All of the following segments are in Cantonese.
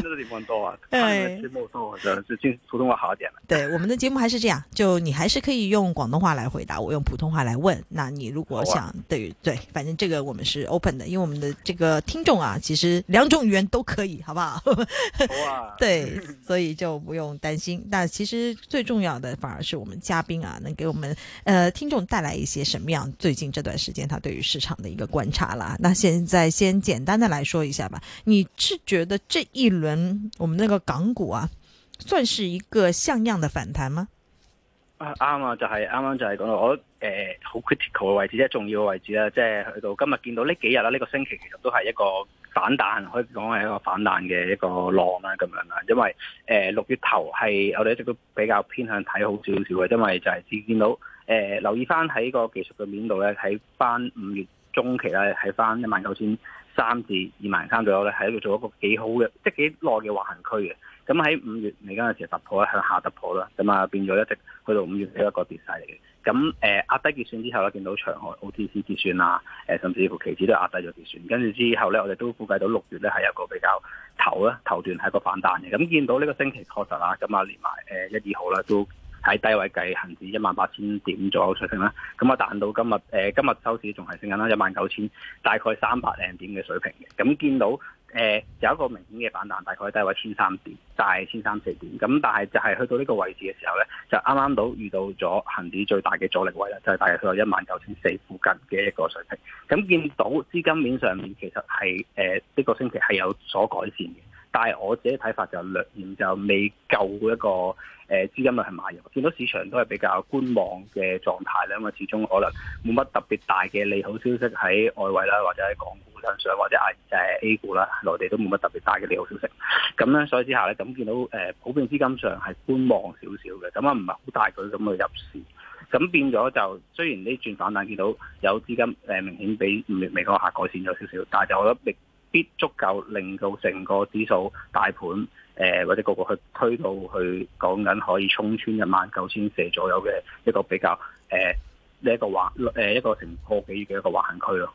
這個地方東啊，哎，節目多，的是就普通話好一點了。對，我們的節目還是這樣，就你還是可以用廣東話來回答，我用普通話來問。那你如果想，啊、對對，反正這個我們是 open 的，因為我們的這個聽眾啊，其實兩種語言都可以，好不好？ 對，好啊、 所以就不用擔心。那其實最重要的反而是我們嘉賓啊，能給我們呃聽眾帶來一些什麼樣最近這段時間他對於市場的一個觀察了。那現在先簡單的來說一下吧，你是覺得這一輪？我們那個港股啊，算是一個像樣的反彈嗎？啱啊，啊，就係啱啱就係講我誒好、呃、critical 嘅位置，即係重要嘅位置啦，即、就、係、是、去到今日見到呢幾日啦，呢、這個星期其實都係一個反彈，可以講係一個反彈嘅一個浪啦咁樣啦。因為誒六、呃、月頭係我哋一直都比較偏向睇好少少嘅，因為就係只見到誒、呃、留意翻喺個技術嘅面度咧，喺翻五月中期咧，喺翻一萬九千。三至二萬三左右咧，係一個做一個幾好嘅，即係幾耐嘅橫行區嘅。咁喺五月嚟緊嘅時候突破咧，向下突破啦，咁啊變咗一直去到五月係一個跌勢嚟嘅。咁誒、呃、壓低結算之後咧，見到場外 OTC 結算啊、呃，甚至乎期指都壓低咗結算。跟住之後咧，我哋都估計到六月咧係一個比較頭啦，頭段係個反彈嘅。咁見到呢個星期確實啦，咁啊連埋一、二號咧都。喺低位計，恒指一萬八千點左右水平啦。咁啊彈到今日，誒、呃、今日收市仲係升緊啦，一萬九千，大概三百零點嘅水平。咁見到誒、呃、有一個明顯嘅反彈，大概低位千三點，大概千三四點。咁但係就係去到呢個位置嘅時候咧，就啱啱到遇到咗恒指最大嘅阻力位啦，就係、是、大概去到一萬九千四附近嘅一個水平。咁見到資金面上面其實係誒呢個星期係有所改善嘅。但係我自己睇法就略，然就未夠一個資金量去買入，見到市場都係比較觀望嘅狀態啦。因為始終可能冇乜特別大嘅利好消息喺外圍啦，或者喺港股身上，或者誒 A 股啦、內地都冇乜特別大嘅利好消息。咁咧，所以之下咧，咁見到普遍資金上係觀望少少嘅，咁啊唔係好大佢咁去入市。咁變咗就雖然呢轉反彈，但見到有資金明顯比五月尾嗰下改善咗少少，但係就我覺得。必足夠令到成個指數大盤，呃、或者個個去推到去講緊可以衝穿一萬九千四左右嘅一個比較呢、呃、一個環，誒一,一個成個幾月嘅一個橫區咯。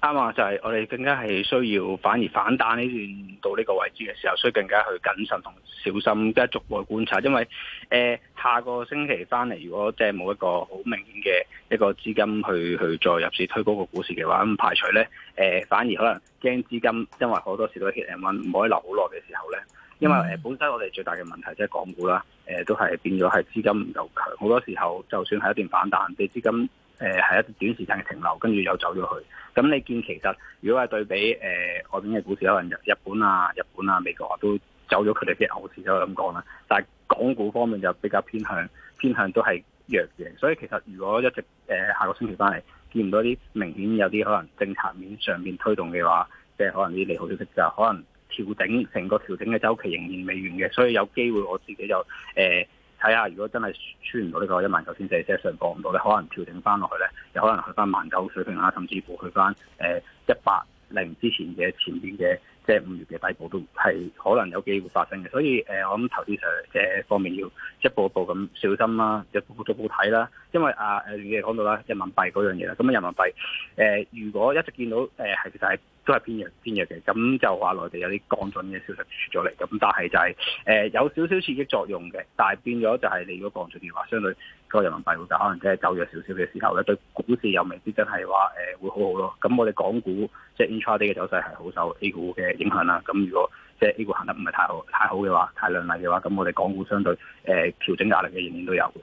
啱啊！就係、是、我哋更加係需要，反而反彈呢段到呢個位置嘅時候，需要更加去謹慎同小心，即係逐步去觀察。因為誒、呃、下個星期翻嚟，如果即係冇一個好明顯嘅一個資金去去再入市推高個股市嘅話，咁排除咧、呃、反而可能驚資金，因為好多時都一兩唔可以留好耐嘅時候咧。因為本身我哋最大嘅問題即係港股啦、呃，都係變咗係資金唔夠強，好多時候就算係一段反彈，俾資金。誒係一段短時間嘅停留，跟住又走咗去。咁你見其實，如果係對比誒、呃、外邊嘅股市，可能日本啊、日本啊、美國啊都走咗佢哋嘅牛市，就咁講啦。但係港股方面就比較偏向偏向都係弱嘅，所以其實如果一直誒、呃、下個星期翻嚟見唔到啲明顯有啲可能政策面上面推動嘅話，即係可能啲利好消息就可能調整，成個調整嘅周期仍然未完嘅，所以有機會我自己就誒。呃睇下如果真係穿唔到呢個一萬九千四即係上破唔到咧，可能調整翻落去咧，又可能去翻萬九水平啦，甚至乎去翻誒一百零之前嘅前邊嘅。即係五月嘅底部都係可能有機會發生嘅，所以誒，我諗投資上誒方面要一步一步咁小心啦，一步一步一步睇啦。因為啊誒，你講到啦，人民幣嗰樣嘢啦，咁啊人民幣誒，如果一直見到誒係其實都係偏弱偏弱嘅，咁就話內地有啲降準嘅消息出咗嚟，咁但係就係誒有少少刺激作用嘅，但係變咗就係你如果降準嘅話，相對。個人民幣會就可能即係走弱少少嘅時候咧，對股市又未必真係話誒會好好咯。咁我哋港股即係 intraday 嘅走勢係好受 A 股嘅影響啦。咁如果即係 A 股行得唔係太好，太好嘅話，太亮麗嘅話，咁我哋港股相對誒調整壓力嘅仍然都有嘅。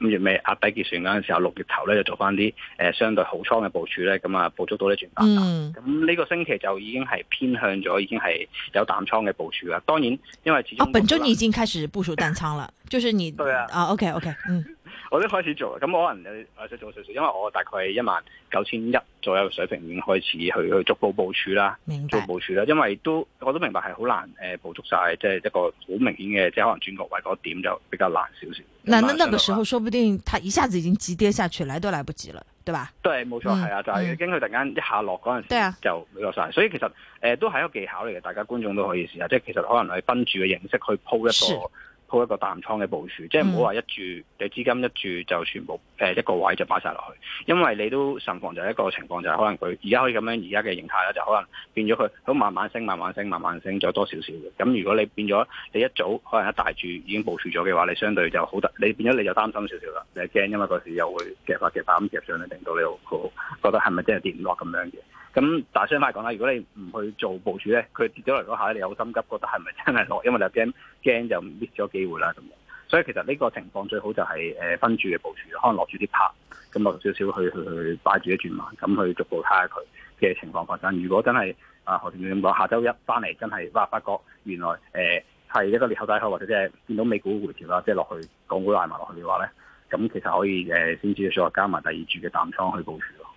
咁五月尾壓低結算嗰陣時候，六月頭咧就做翻啲誒相對好倉嘅部署咧，咁啊捕捉到呢轉變。咁呢、嗯、個星期就已經係偏向咗，已經係有淡倉嘅部署啦。當然，因為始終、哦、本周你已經開始部署淡倉了， 就是你對啊，啊 OK OK，嗯。我都開始做啦，咁可能誒誒做少少，因為我大概一萬九千一左右嘅水平已經開始去去逐步部署啦，逐步白部署啦，因為都我都明白係好難誒捕捉曬，即、呃、係、就是、一個好明顯嘅，即、就、係、是、可能轉角位嗰點就比較難少少。那那那個時候，說不定佢一下子已經急跌下去，來都來不及了，對吧？對，冇錯係、嗯、啊，就係、是、驚佢突然間一下落嗰陣時候，嗯啊、就冇落晒。所以其實誒、呃、都係一個技巧嚟嘅，大家觀眾都可以試下，即、就、係、是、其實可能係分住嘅形式去鋪一個。做一個淡倉嘅部署，即係唔好話一注，你資金一注，就全部誒、呃、一個位就擺晒落去，因為你都慎防就係一個情況就係、是、可能佢而家可以咁樣而家嘅形態啦，就可能變咗佢好慢慢升、慢慢升、慢慢升，咗多少少嘅。咁如果你變咗你一早可能一大注已經部署咗嘅話，你相對就好得你變咗你就擔心少少啦，你驚因為嗰時候又會夾翻夾翻咁夾，夾上嚟，令到你好覺得係咪真係跌唔落咁樣嘅？咁大商花講啦，如果你唔去做部署咧，佢跌咗嚟嗰下，你有心急，覺得係咪真係落？因為你驚驚就 miss 咗機會啦咁。所以其實呢個情況最好就係誒分住嘅部署，可能落住啲拍，咁落少少去去去，去擺住一轉嘛，咁去逐步睇下佢嘅情況發生。如果真係啊何處長咁講，下周一翻嚟真係哇，發覺原來誒係、呃、一個裂口大口，或者即係見到美股回調啦，即係落去港股捱埋落去嘅話咧，咁其實可以先至、呃、再加埋第二注嘅淡倉去部署咯。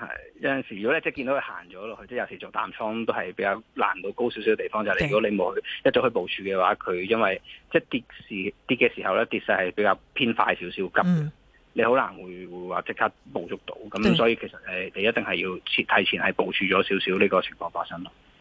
係，有陣時如果咧，即係見到佢行咗落去，即係有時做淡倉都係比較難度高少少嘅地方就係、是，如果你冇去一早去部署嘅話，佢因為即係跌時跌嘅時候咧，跌勢係比較偏快少少急、嗯、你好難會會話即刻捕捉到，咁所以其實誒你，是的 你一定係要前提前係部署咗少少呢個情況發生咯。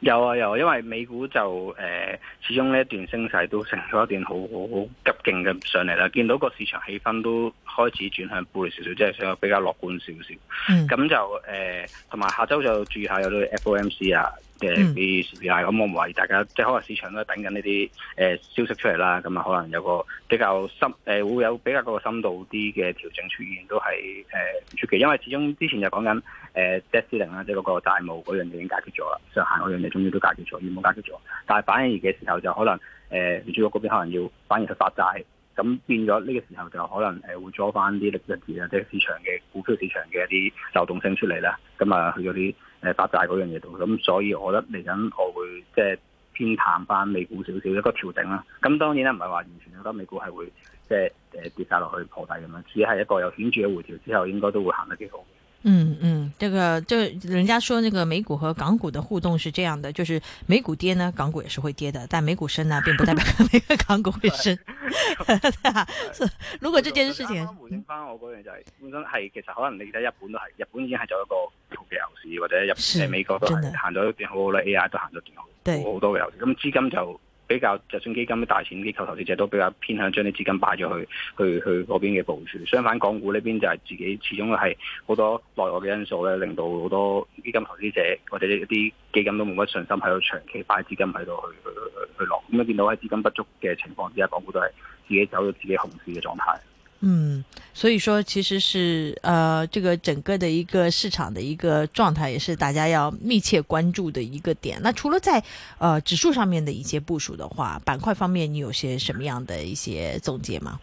有啊有，啊，因為美股就誒、呃，始終呢一段升勢都成咗一段好好好急勁嘅上嚟啦，見到個市場氣氛都開始轉向好少少，即係比較比較樂觀少少。咁、嗯、就誒，同、呃、埋下周就注意下有冇 FOMC 啊。誒，咁我唔係大家，即係可能市場都等緊呢啲誒消息出嚟啦。咁啊，可能有個比較深誒，會有比較嗰個深度啲嘅調整出現，都係誒出奇。因為始終之前就講緊誒 debt ceiling 啊，即係嗰個債務嗰樣嘢已經解決咗啦。上限嗰樣嘢終於都解決咗，已經冇解決咗。但係反而嘅時候就可能誒，主角嗰邊可能要反而去發債，咁變咗呢個時候就可能誒會咗翻啲利率啊，即係市場嘅股票市場嘅一啲流動性出嚟啦。咁、嗯、啊，去咗啲。誒，發債嗰樣嘢度，咁所以我覺得嚟緊我會即係偏淡翻美股少少一個調整啦。咁當然啦，唔係話完全覺得美股係會即係誒跌晒落去破底咁樣，只係一個有顯著嘅回調之後，應該都會行得幾好。嗯嗯，這個就人家說，呢個美股和港股嘅互動是這樣嘅，就是美股跌呢，港股也是會跌的，但美股升呢，並不代表每個港股會升。如果這件事情，嗯、剛剛回應翻我嗰樣就係、是，本身係其實可能你睇日本都係，日本已經係做一個。嘅牛市或者入美國都係行咗一段好好啦，AI 都行咗段好好對多嘅牛市。咁資金就比較，就算基金、大錢機構投資者都比較偏向將啲資金擺咗去去去嗰邊嘅部署。相反，港股呢邊就係自己始終係好多內外嘅因素咧，令到好多基金投資者或者一啲基金都冇乜信心喺度長期擺資金喺度去去去落。咁樣，見到喺資金不足嘅情況之下，港股都係自己走咗自己熊市嘅狀態。嗯，所以說其實是呃，這個整個的一個市場的一個狀態也是大家要密切關注的一個點。那除了在呃指數上面的一些部署的話，板塊方面你有些什麼樣的一些總結嗎？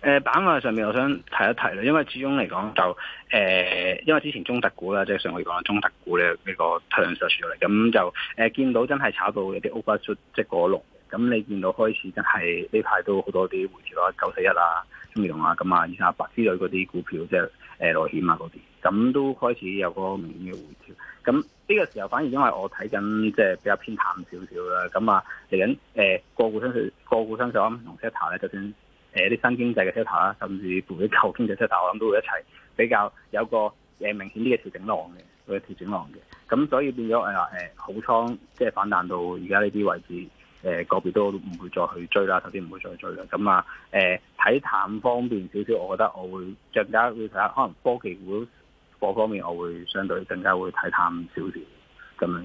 呃板塊上面我想提一提啦，因為始終嚟講就呃因為之前中特股啦，即係上個月講中特股咧、這個，呢、這個大量受注嚟，咁、嗯、就誒、呃、見到真係炒到有啲 over 即係過龍。咁你見到開始真係呢排都好多啲回調啦，九四一啊、中移啊、咁啊二三八之類嗰啲股票，即係誒內險啊嗰啲，咁都開始有個明顯嘅回調。咁呢個時候反而因為我睇緊即係比較偏淡少少啦，咁啊嚟緊誒個股相對個股相對同龍頭咧，就算誒啲、呃、新經濟嘅龍頭啦，甚至乎舊經濟龍頭，我諗都會一齊比較有個明顯啲嘅調整浪嘅，會有調整浪嘅。咁所以變咗、呃、好倉，即係反彈到而家呢啲位置，誒個別都唔會再去追啦，頭先唔會再追啦。咁啊，誒、呃、睇淡方面少少，我覺得我會更加會睇下，可能科技股嗰方面，我會相對更加會睇淡少少咁。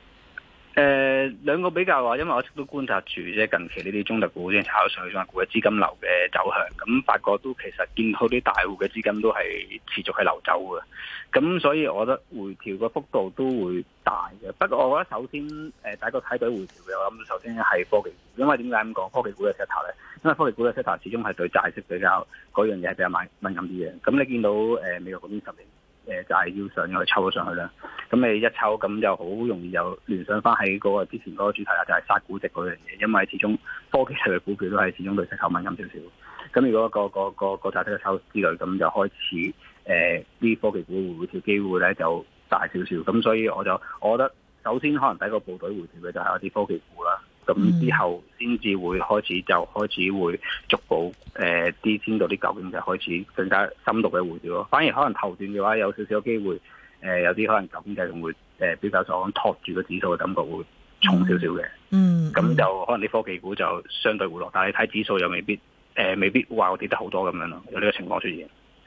誒，兩、呃、個比較啊，因為我亦都觀察住即係近期呢啲中特股已經炒上去，中特股嘅資金流嘅走向，咁發覺都其實見到啲大戶嘅資金都係持續係流走嘅，咁所以我覺得回調嘅幅度都會大嘅。不過我覺得首先誒、呃，第一個睇到回調嘅，我諗首先係科，科技股，因為點解咁講科技股嘅 settle 咧？因為科技股嘅 settle 始終係對債息比較嗰樣嘢比較敏感啲嘅。咁你見到誒、呃，美國嗰邊十年。誒就係要上去抽咗上去啦，咁你一抽咁就好容易又聯想翻起嗰個之前嗰個主題啦，就係殺估值嗰樣嘢，因為始終科技類股票都係始終對息口敏感少少，咁如果個個個個集一抽之類，咁就開始誒啲科技股回調機會咧就大少少，咁所以我就我覺得首先可能第一個部隊回調嘅就係一啲科技股啦。咁、嗯、之後先至會開始就開始會逐步誒啲先到啲舊經濟就開始更加深度嘅回調咯，反而可能頭段嘅話有少少機會誒、呃、有啲可能舊經濟就會誒比較想拖住個指數嘅感覺會重少少嘅，咁、嗯嗯、就可能啲科技股就相對回落，但係你睇指數又未必誒、呃、未必話跌得好多咁樣咯，有呢個情況出現。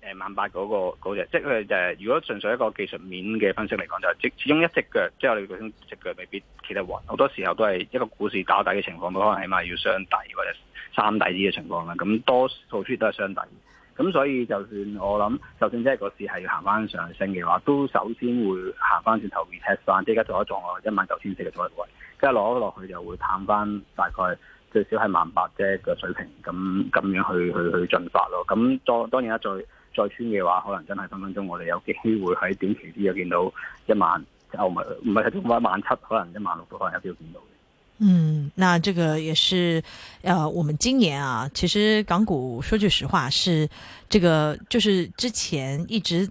誒、嗯、萬八嗰、嗰個嗰隻、嗰個，即係佢就係如果純粹一個技術面嘅分析嚟講，就係、係、始始終一隻腳，即係我哋講緊隻腳，未必企得穩，好多時候都係一個股市打底嘅情況，可能起碼要雙底或者三底啲嘅情況啦。咁多數都係雙底，咁所以就算我諗，就算即係個市係行翻上升嘅話，都首先會行翻轉頭回 test 返，即係而家做咗狀一萬九千四嘅阻力位，跟住落一落去就會探翻大概最少係萬八啫嘅水平，咁咁樣去去去進發咯。咁當當然一再。再穿嘅話，可能真係分分鐘，我哋有機會喺短期啲又見到一萬，就唔係唔係，最多萬七，可能一萬六都可能有機會見到嘅。嗯，那這個也是，呃，我們今年啊，其實港股，說句實話，是這個，就是之前一直。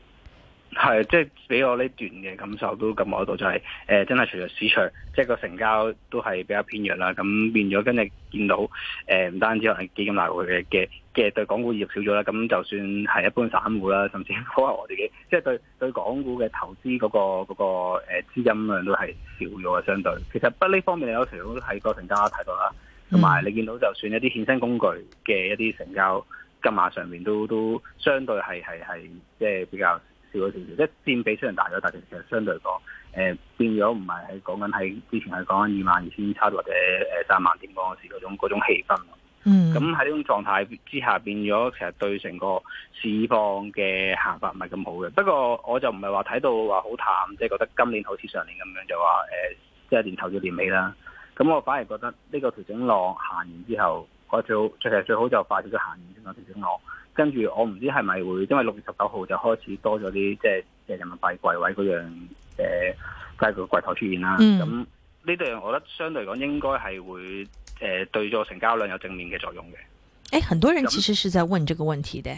係，即係俾我呢段嘅感受都感覺到，就係、是、誒、呃，真係除咗市場即係個成交都係比較偏弱啦。咁變咗，跟你見到誒，唔、呃、單止可能基金流入嘅嘅嘅對港股熱少咗啦，咁就算係一般散戶啦，甚至可能我自己，即係對對港股嘅投資嗰、那個嗰、那個資金量都係少咗啊。相對其實不呢方面你有時都喺個成交太多啦，同埋、嗯、你見到就算一啲衍生工具嘅一啲成交金額上面都都相對係係係即係比較。少少即係佔比雖然大咗，但係其實相對嚟講，誒、呃、變咗唔係喺講緊喺之前係講緊二萬二千七，或者誒三萬點嗰時嗰種，嗰種氣氛咯。嗯，咁喺呢種狀態之下變咗，其實對成個市況嘅行法唔係咁好嘅。不過我就唔係話睇到話好淡，即係覺得今年好似上年咁樣就話誒，即係年頭至年尾啦。咁我反而覺得呢個調整浪行完之後。我最好，其實最好就快咗去行先攞少少落，跟住我唔知係咪會，因為六月十九號就開始多咗啲，即係即人民幣櫃位嗰樣即介佢櫃台出現啦。咁呢度我覺得相對講應該係會誒、呃、對咗成交量有正面嘅作用嘅。誒、欸，很多人其實是在問這個問題嘅。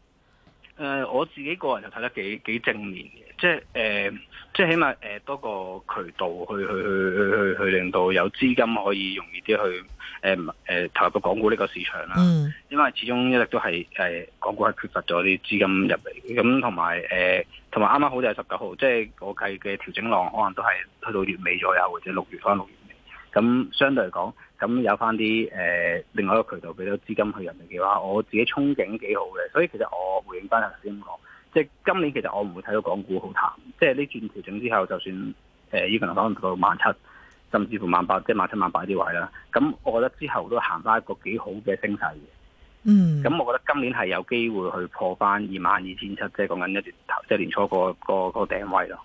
誒、呃、我自己個人就睇得幾幾正面嘅，即係誒、呃，即係起碼誒、呃、多個渠道去去去去去、去令到有資金可以容易啲去誒誒、呃呃、投入個港股呢個市場啦。因為始終一直都係誒、呃、港股係缺乏咗啲資金入嚟，咁同埋誒同埋啱啱好就係十九號，即係我計嘅調整浪可能都係去到月尾左右或者六月翻六月尾，咁相對嚟講。咁有翻啲誒，另外一個渠道俾到資金去入嚟嘅話，我自己憧憬幾好嘅。所以其實我回應翻頭先講，即係今年其實我唔會睇到港股好淡。即係呢轉調整之後，就算誒依個可能到萬七，甚至乎萬八，即係萬七萬八啲位啦。咁我覺得之後都行翻一個幾好嘅升勢嘅。嗯。咁我覺得今年係有機會去破翻二萬二千七，即係講緊一月頭，即係年初、嗰個、嗰個、嗰個頂位咯。